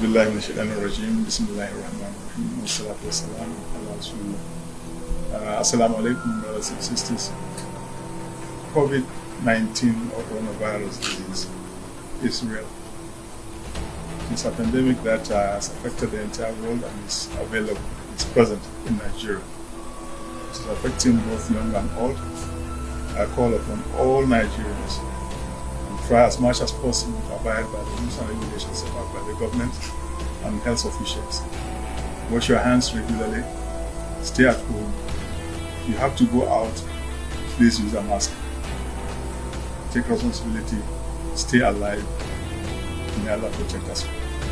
Bismillah in the regime. Bismillah rahman rahim. Wassalatu wassalam ala rasulullah. Assalamu alaikum, brothers and sisters. COVID 19 or coronavirus disease is real. It's a pandemic that has affected the entire world and is available, it's present in Nigeria. It's affecting both young and old. I call upon all Nigerians try as much as possible to abide by the rules and regulations set up by the government and health officials. Wash your hands regularly. Stay at home. If you have to go out, please use a mask. Take responsibility. Stay alive. May Allah protect us.